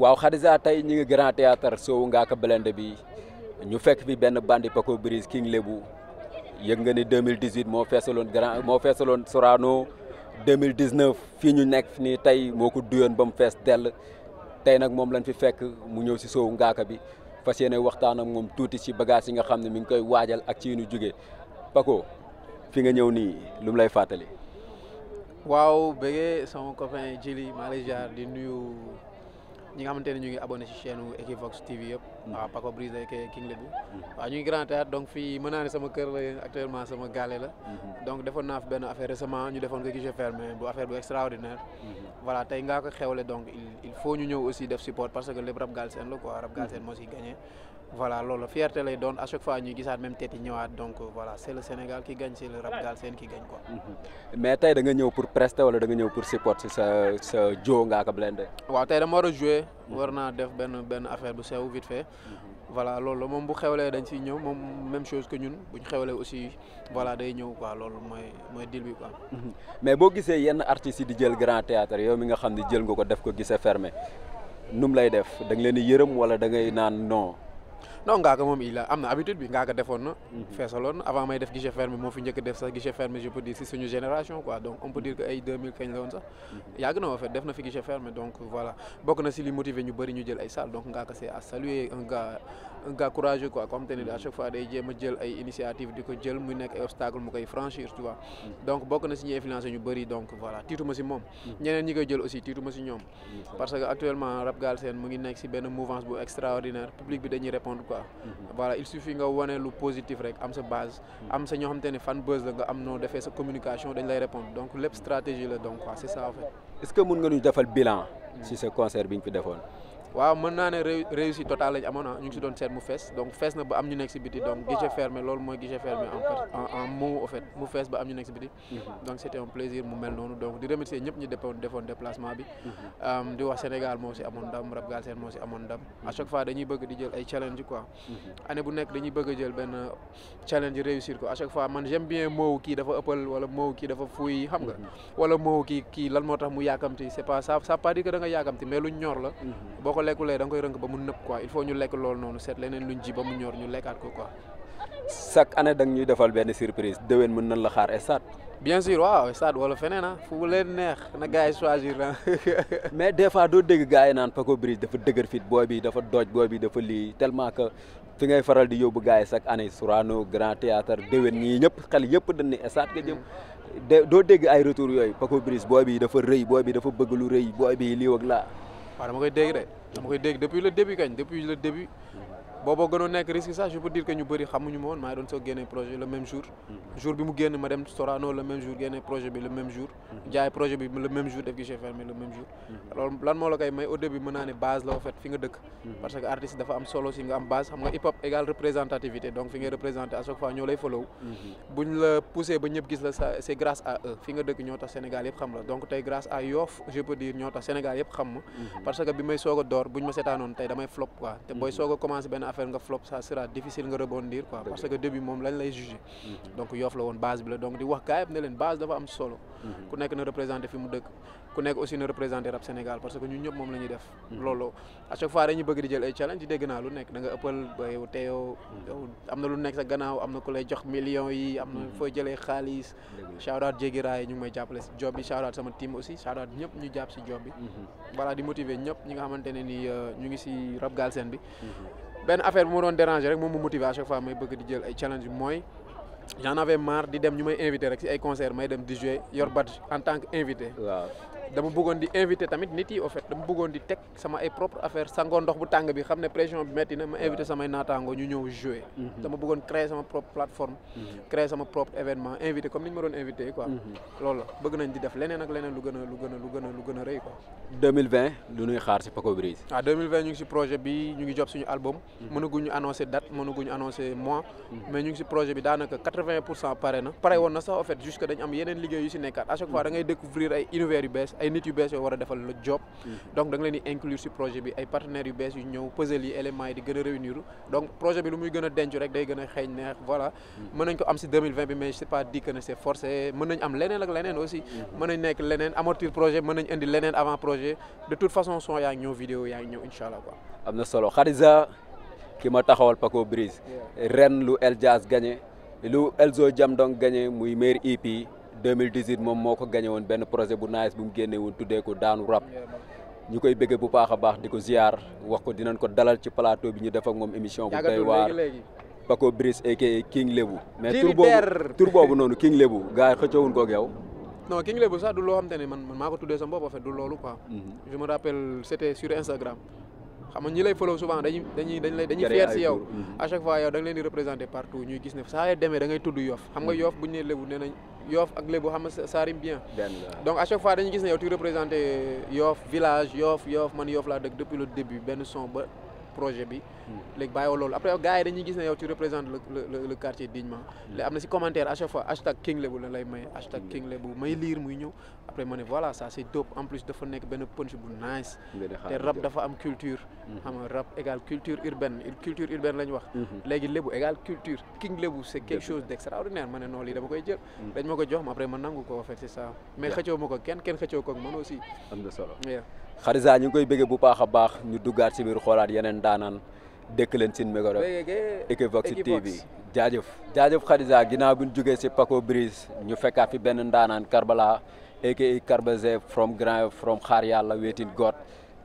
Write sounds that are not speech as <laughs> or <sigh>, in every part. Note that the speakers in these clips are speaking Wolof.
waaw Khadija tey ñu ngi grand théâtre soowu Ngaaka Blindé bi ñu fekk fi benn bandi Paco Brise King Lebu yëg nga ni 2018 moo feesaloon grand moo feesaloon Sorano 2019 fii ñu nekk nii tey moo ko duyoon ba mu fees dell tey nag moom lañ fi fekk mu ñëw si soowu Ngaaka bi fas yéene waxtaan ak moom tuuti si bagage yi nga xam ne mi ngi koy waajal ak ci nu jóge Paco fi nga ñëw nii lu mu lay fàttali. waaw bëggee sama copain Jili maa di nuyu. ñi nga xamante ne ñu ngi abonné e chaîne Equivox TV yëpp waaw Paco Brisé kii King Lebu mm-hmm. waaw ñu ngi Grand Théâtre donc fii mën naa ne sama kër la actuellement sama gaale la mm-hmm. donc defoon naa fi benn affaire récemment ñu defoon ko guichet fermé bu affaire bu extraordinaire mm-hmm. voilà tey ngaa ko xewle donc il faut ñu ñëw aussi def support parce que lépp rap galsen la quoi rap galsen moo si gagné voilà loolu fierté lay doon à chaque fois ñuy gisaat même tête ñëwaat donc euh, voilà c' est Sénégal qui gagne c' est le rap galsen qui gagne da nga ñëw pour prester wala da nga ñëw pour support si sa sa jo Ngaaka Blindé waaw tey mu war naa def benn benn affaire bu sew vite fait mhm. voilà loolu moom bu xewlee dañ siy ñëw moom même chose que ñun bu ñu xewlee aussi voilà day ñëw ko loolu mooy mooy deal bi quoi. Mhm. mais boo gisee yenn artistes yi di jël grand théâtre yow mi nga xam ne jël nga ko def ko gisee fermé num lay def da nga leen di yërëm wala da ngay naan non. non Ngaaka moom il la am na habitude bi Ngaaka defoon na. Mhm. feesaloon na avant may def guichet fermé moo fi njëkk def sax guichet fermé je peux dire si suñu génération quoi donc on peut dire que ay 2000 kañ la woon sax. Mhm. yàgg na en fait def na fi guichet fermé donc voilà bokk na si li motivé ñu bëri ñu jël ay salle donc Ngaaka c'est à saluer un gars un gars courageux quoi comme tenu à chaque fois day jéem jël ay initiative di ko jël muy nekk ay obstacle mu koy franchir tu vois mm. donc bokk na si ñi influencé ñu bëri donc voilà tiituma si moom mm. ñeneen ñi koy jël aussi tiituma si ñoom mm, parce que actuellement Rap Galsen mu ngi nekk si benn mouvance bu extraordinaire public bi dañuy répondre quoi mm-hmm. voilà il suffit nga wane lu positif rek am sa base am sa ñoo xam te ne fan buzz la nga am noo defee sa communication dañ lay répondre donc lépp stratégie la donc quoi c'est ça en fait est-ce que fi defoon waaw mën naa ne réussite totale lañ amoon ah, ñu ngi si doon seet mu fees donc fees na ba am ñu nekk si biti donc guichet fermé loolu mooy guichet fermé en en mot au mu fees ba am ñu nekk si biti mhm. donc c' était un plaisir mu mel noonu donc di remercier ñëpp ñu defoon déplacement bi mhm. di wax Sénégal moo si amoon ndam Rap Galsen moo si amoon ndam à chaque fois dañuy bëgg di jël ay challenge quoi mhm. année bu nekk dañuy bëgg a jël benn challenge réussir ko à chaque man j'aime bien moowu kii dafa nga wala moowu kii kii lan moo tax mu yaakamti c' est pas ça ça pas dire que da lekkulee da nga koy rënk ba mu nëb quoi il faut ñu lekk loolu noonu seet leneen luñ ji ba mu ñor ñu lekkaat ko quoi. chaque année da nga ñuy defal benn surprise déwén mën nañ la xaar stade. bien sûr waaw stade wala feneen ah fu leen neex na gars yi choisir ah. <laughs> mais des fois doo dégg gars yi naan Paco Briz dafa dëgër fit booy bi dafa doj booy bi dafa lii tellement que fi ngay faral di yóbbu gars yi chaque année Sorano Grand Théâtre déwén ñii ñëpp xel yëpp dañ ni stade nga jëm. Mm. de doo dégg ay retour yooyu Paco Briz booy bi dafa rëy booy bi dafa bëgg lu rëy booy bi lii laa. waaw dama dama koy dégg depuis le début kañ depuis le début booboo gënoon nekk risque sax je peux dire que ñu bëri xamuñu ma woon doon soog génne projet le même jour. Mhm. jour bi mu génn ma dem Sorano le même jour génne projet bi le même jour. Mhm. jaay projet bi le même jour mhm. loolu lan moo la koy may au début mën naa ne base la en fi nga dëkk. parce que artiste dafa am solo si nga am base xam nga hip hop égal représentativité donc fi ngay représenté à chaque fois ñoo lay follow. buñ la poussé ba ñëpp gis la affaire nga flop ça sera difficile nga rebondir quoi parce que début moom lañ lay juger mhm. donc yoof la woon base bi la donc di wax gars yëpp ne leen base dafa am solo mhm. ku nekk na représenté fi mu dëkk ku nekk aussi na représenté rap Sénégal parce que ñun ñëpp moom la ñuy def mhm. loolu à chaque fois dañuy bëgg di jël ay challenge di dégg naa lu nekk da nga ëppal yow te am na lu nekk sa gannaaw am na ku lay jox million yi am na fooy jëlee xaalis shout out jéggi raay ñu jàppale si job bi shout out sama team aussi shout out ñëpp ñu jàpp si job bi voilà di motiver ñi nga xamante ne ni euh, ñu ngi si benn affaire bu ma doon déranger rek moom mu motiver à chaque fois may bëgg di jël ay challenge mooy j'en avais marre di dem ñu may invité rek si ay concert may dem di jouer yor en tant que invité. waaw dama bëggoon di invité tamit nit yi au fait dama bëggoon di teg sama ay propre affaire sangoo ndox bu tàng bi xam ne pression bi metti na ma invité samay naataangoo ñu ñëw jouer mhm. dama bëggoon créer sama propre plateforme mhm. créer sama propre événement invité comme ni ñu ma doon invité quoi mhm. loolu la bëgg nañ di def leneen ak leneen lu gën a lu gën a lu gën a lu gën a rëy quoi 2020 lu ñuy xaar si Paco Briz ah, ñu ngi si projet bi ñu ngi job suñu album mënaguñu ay nit yu bees yoo war a defal la job mhm. donc da nga leen di si projet bi ay partenaires yu bees yu ñëw puzzle yi éléments yi di gën a réunir donc projet bi lu muy gën a denc rek day gën a xeeñ neex voilà mhm. mën nañ ko am si 2020 bi mais c'est pas dit que ne c'est forcé mën nañ am leneen ak leneen aussi mhm. mën nañ nekk leneen amortir projet mën nañ indi leneen avant projet de toute façon son yaa ngi ñëw vidéo yaa ngi ñëw incha allah am na solo Khadija ki ma taxawal Paco Brise ren lu El Jazz gagné lu Elzo Jamdong gagné muy meilleur EP 2018 moom moo ko gagné woon benn projet bu nice bu mu génnee woon tuddee ko daan rap ñu koy bëggee bu baax a baax di ko ziar wax ko dinañ ko dalal ci plateau bi ñu def moom émission bu doy waar Paco Brice aka King Lebu mais tur boobu tur boobu noonu King Lebu gars yi xëccoowuñ ko ak King Lebu sax du loo xam te ne man maa ko tuddee sama bopp en fait du loolu quoi mhm. je me rappelle c'était sur Instagram xam nga ñi lay follow souvent dañuy dañuy dañ lay dañuy fier si yow a mm-hmm. chaque fois yow da nga leen di représenter partout ñuy gis ne saa yoo demee da ngay tudd yoof xam nga mm-hmm. yoof buñu nee lébu nee nañ yoof ak lébu xam nga ça rime donc à chaque fois dañuy gis ne yow tu représenter yoof village yoof yoof man yoof laa dëkk depuis le début benn son ba projet bi léegi bàyyiwoo loolu après gars yi dañuy gis ne yow tu représentes le le quartier dignement léegi am na si commentaire à chaque fois hashtag King King Lébu may liir muy am culture mhm. xam nga culture urbaine culture urbaine la ñu wax mhm. léegi Lébu égale culture King Lébu c'est quelque chose d'extraordinaire ma ne noonu lii dama koy jël mhm. dañ ma ko jox ma après ma nangu ko en fait c'est ça mais xëccoo ma ko kenn kenn xëccoo ko man aussi am na solo Xarisa ñu ngi koy bëgg bu baax a baax ñu duggaat ci biir xoolaat yeneen daanaan dëkk leen seen micro Equivox TV jaajëf jaajëf Khadija ginnaaw bi ñu jógee si Paco Brice ñu fekkaat fi benn ndaanaan Karbala aka Karbaze from Grand from xaar yàlla weetin goot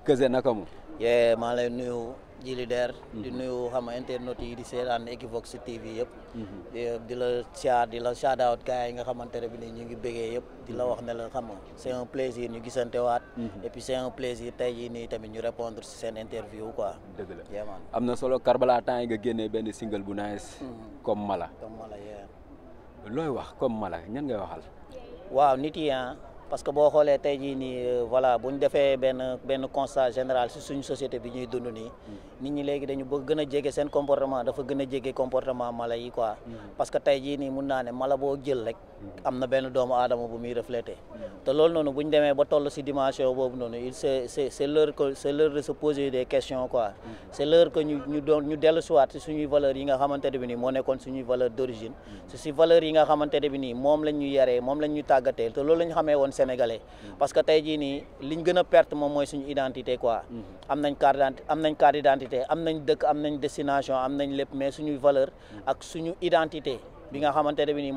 këse naka mu yee maa lay nuyu Djily Der di mhm. nuyu xam internet yi di seetaan Equivox TV yëpp mhm. di la siyaar di la shout out gars yi nga xamante ne bi ne ñu ngi bëggee yëpp di la mhm. wax ne la xam nga c'est un plaisir ñu gisante waat et puis c'est un plaisir tey jii nii tamit ñu répondre si seen interview quoi dëgg la yeemaan am na solo Karbala temps yi nga génnee benn single bu nice comme mala comme mala looy wax comme mala ñan ngay waxal waaw nit yi ah. parce que boo xoolee tey jii nii euh, voilà bu ñu defee benn benn constat général si suñu société bi ñuy dund nii. Mm. nit ñi léegi dañu bëgg gën a jege seen comportement dafa gën a jege comportement mala yi quoi. Mm. parce que tey jii nii mun naa ne mala boo jël rek. Mm. am na benn doomu aadama bu muy reflété. te loolu noonu bu ñu demee ba toll si dimension boobu noonu il c'est c'est c'est l'heure que c'est l'heure de se poser des questions quoi. ñu dellu siwaat si suñuy moo nekkoon suñuy valeur d'origine. si valeurs yi nga xamante ne bi nii moom lañ ñu moom lañ ñu sénégalais mm-hmm. parce que tey jii nii liñ a perte moom mooy suñu identité quoi mm-hmm. am nañ carte d'identité am nañ carte d'identité am nañ dëkk am nañ destination am nañ lépp mm-hmm.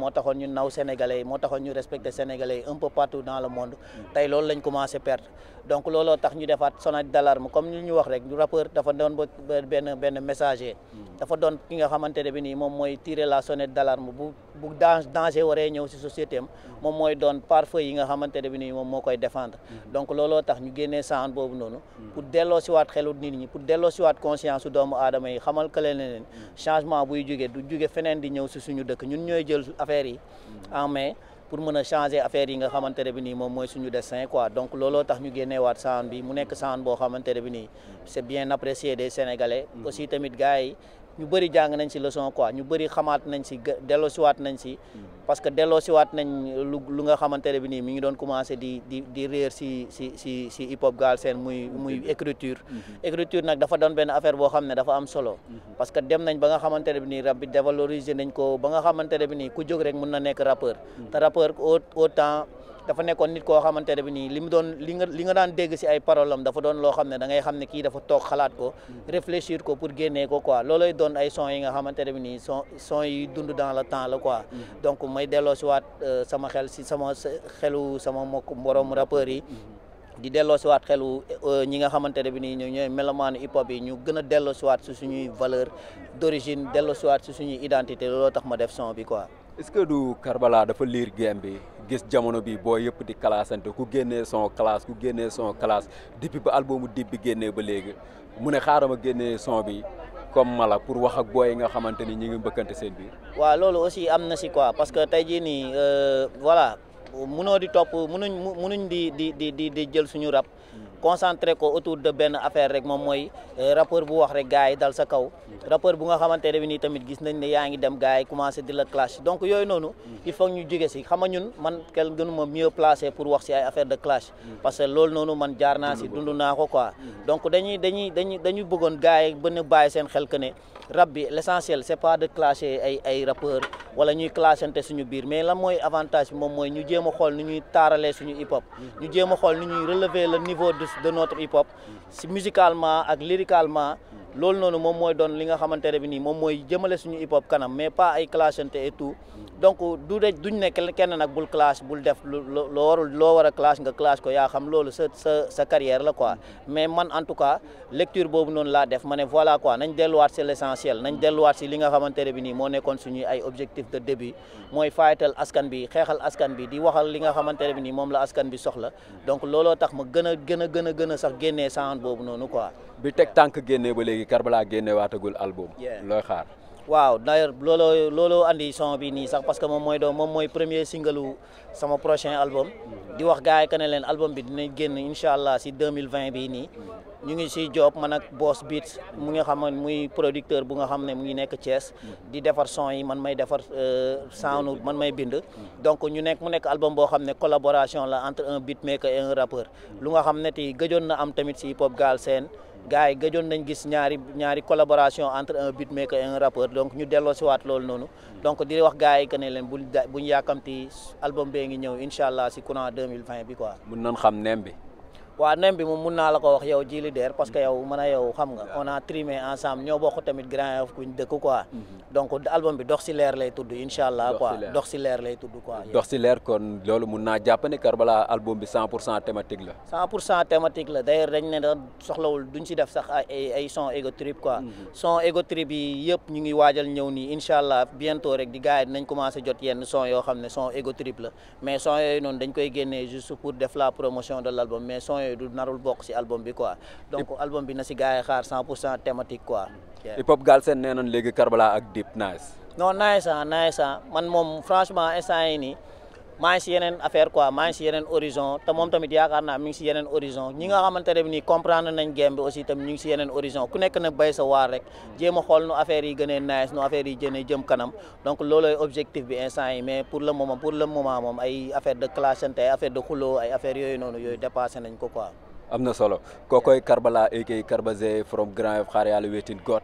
moo taxoon ñu naw sénégalais yi moo ñu respecté sénégalais yi un peu partout dans ñu defaat sonnette d'alarme comme ñu ñu wax rek rappeur dafa doon benn messager dafa doon ki nga xamante ne bi nii moom mooy tirer la sonnette d'alarme bu danger waree ñëw si société moom mooy doon pare yi nga xamante ne bi nii moom moo koy défendre mm-hmm. donc looloo tax ñu génnee saan boobu noonu mm-hmm. pour delloo siwaat xelu nit ñi pour delloo siwaat conscience su doomu aadama yi xamal que leen leen mm-hmm. changement buy jógee du jóge feneen di si suñu dëkk ñun ñooy jël affaire yi en main pour mën a changer affaire yi nga xamante ne bi nii moom mooy suñu destin quoi donc looloo tax ñu génneewaat saan bi mu nekk saan boo xamante ne bi nii c'est bien apprécié des Sénégalais aussi tamit gars yi ñu bëri jàng nañ si leçon quoi ñu bëri xamaat nañ si delloosiwaat nañ si. parce que delloo delloosiwaat nañ lu lu nga xamante ne bi nii mi ngi doon commencé di di di réer si si si si hip hop Galsen muy muy écriture. Mhm. écriture nag dafa doon benn affaire boo xam ne dafa am solo. Mhm. parce que dem nañ ba nga xamante ne bi nii rap bi dévaloriser nañ ko ba nga xamante ne bi nii ku jóg rek mun na nekk rappeur. Mhm. te rappeur au dafa nekkoon nit koo xamante ne bi nii li mu doon li nga li nga daan dégg si ay parole dafa doon loo xam ne dangay ngay xam ne kii dafa toog xalaat ko mm. réfléchir ko pour génnee ko quoi loolay doon ay son yi nga xamante ne bi nii son son yi dund dans le temps la quoi mm. donc may delloo si euh, sama xel si sama xelu sama mbokk mborom mm. rappeurs yi mm-hmm. di delloo siwaat xelu euh, ñi nga xamante ne bi nii ñoo ñooy melomaanu hip hop yi ñu gën a delloo siwaat si suñuy valeur d'origine delloo siwaat si suñuy identité looloo tax ma def son bi quoi est-ce que du Karbala dafa liir game bi gis jamono bi boo yëpp di classante ku génnee son classe ku génnee son classe depuis ba albumu dib bi génnee ba léegi mu ne xaaral a génnee son bi comme mala pour wax ak booy yi nga xamante ni ñu ngi mbëkkante seen bi waaw loolu aussi am na si quoi parce que tey jii nii euh, voilà munoo di topp munuñ munuñ di di di di jël suñu rap. concentré ko autour de benn affaire rek moom mooy euh, rappeur bu wax rek gars yi dal sa kaw rapport bu nga xamante ne bi nii tamit gis nañ ne yaa ngi dem gars yi commencé di la clash donc yooyu noonu il faut ñu jóge si xam nga ñun man kenn gënuma mieux placé pour wax si ay affaire de clash parce que loolu noonu man jaar naa si dund naa ko quoi donc dañuy dañuy dañuy dañuy bëggoon gars yi bën a seen xel que ne rap bi l' essentiel pas de clasher ay ay rappeur wala ñuy ante suñu biir mais lan mooy avantage moom mooy ñu jéem a xool ni ñuy taaralee suñu hip hop. Mm-hmm. ñu jéem a xool ni ñuy relever le niveau de de notre hip hop mm-hmm. si musicalement ak lyricalement. Mm-hmm. loolu noonu moom mooy doon li nga xamante ne bi nii moom mooy jëmale suñu hip hop kanam mais pas ay clashante et tout donc du de duñ ne kenn nag bul clash bul def loo warul loo war a clash nga clash ko yaa xam loolu sa sa sa carrière la quoi mais man en tout cas lecture boobu noonu laa def ma ne voilà quoi nañ delluwaat si l' essentiel nañ delluwaat si li nga xamante ne bi nii moo nekkoon suñuy ay objectif de début mooy fayatal askan bi xeexal askan bi di waxal li nga xamante ne bi nii moom la askan bi soxla donc looloo tax ma gën a gën a gën a gën a sax génnee sound boobu noonu quoi bi teg tànk génne ba léegi Karbala génne waatagul album. looy xaar. waaw d'ailleurs looloo looloo andi son bi nii sax parce que moom mooy doon moom mooy premier single sama prochain album. di wax gars yi ne leen album bi dinañ génn incha allah si 2020 bii nii. ñu ngi si job man ak Boss Beats mu nga xam ne muy producteur bu nga xam ne mu ngi nekk Thiès. di defar son yi man may defar euh, sound man may bind. donc ñu nekk mu nekk album boo xam ne collaboration la entre un beatmaker et un lu nga xam am tamit si hip hop gars yi gëjoon nañ gis ñaari ñaari collaboration entre un beatmaker et un donc ñu delloo si waat loolu noonu donc di wax gars yi ne leen buñ buñ yàkkamti album bee ngi ñëw incha allah si courant 2020 bi quoi. mun nañ xam neem bi. waaw nem bi moom mun naa la ko wax yow jili deer parce que mm-hmm. yow mën a yow xam nga on a ensemble ñoo bokk tamit Grand Yoff kuñ dëkk mm-hmm. album bi dox leer lay tudd incha allah quoi dox si leer lay tudd quoi dox si leer kon loolu mun naa jàpp ne Karbala album bi cent pour cent thématique la cent pour cent thématique la d'ailleurs dañ ne da soxlawul duñ si def sax ay ay son ego trip quoi mm-hmm. son ego trip yi yëpp ñu ngi waajal ñëw nii incha allah bientôt rek di gars yi dinañ commencé jot yenn son yoo xam ne son ego trip la mais son yooyu noonu dañ koy génnee juste pour yooyu du narul bokk si album bi quoi donc album bi na si gars yi xaar pour cent thématique quoi. hip hop Galsen nee nañ léegi Karbala ak Dip nice. non nice ah nice ah man moom franchement instant yii nii. maa ngi si yeneen affaire quoi maa ngi si yeneen horizon tamit yaakaar naa mi ngi si yeneen horizon ñi nga xamante ne ni comprendre nañ game bi aussi tam ñu ngi si yeneen horizon ku nekk nag bay sa waar rek jéem a xool nu affaire yi gënee nice nu affaire yi jënee jëm kanam donc loolooy objectif bi instant yi mais pour le moment pour le moment moom ay affaire de clashante ay affaire de xuloo ay affaire yooyu noonu yooyu dépassé nañ ko quoi am na solo kookoy Karbala aka Karbaze from Grand Yoff xaar yàlla wetin got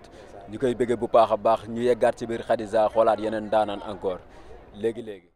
ñu koy bëggee bu baax a baax ñu yeggaat ci biir Khadija xoolaat yeneen daanaan encore léegi-léegi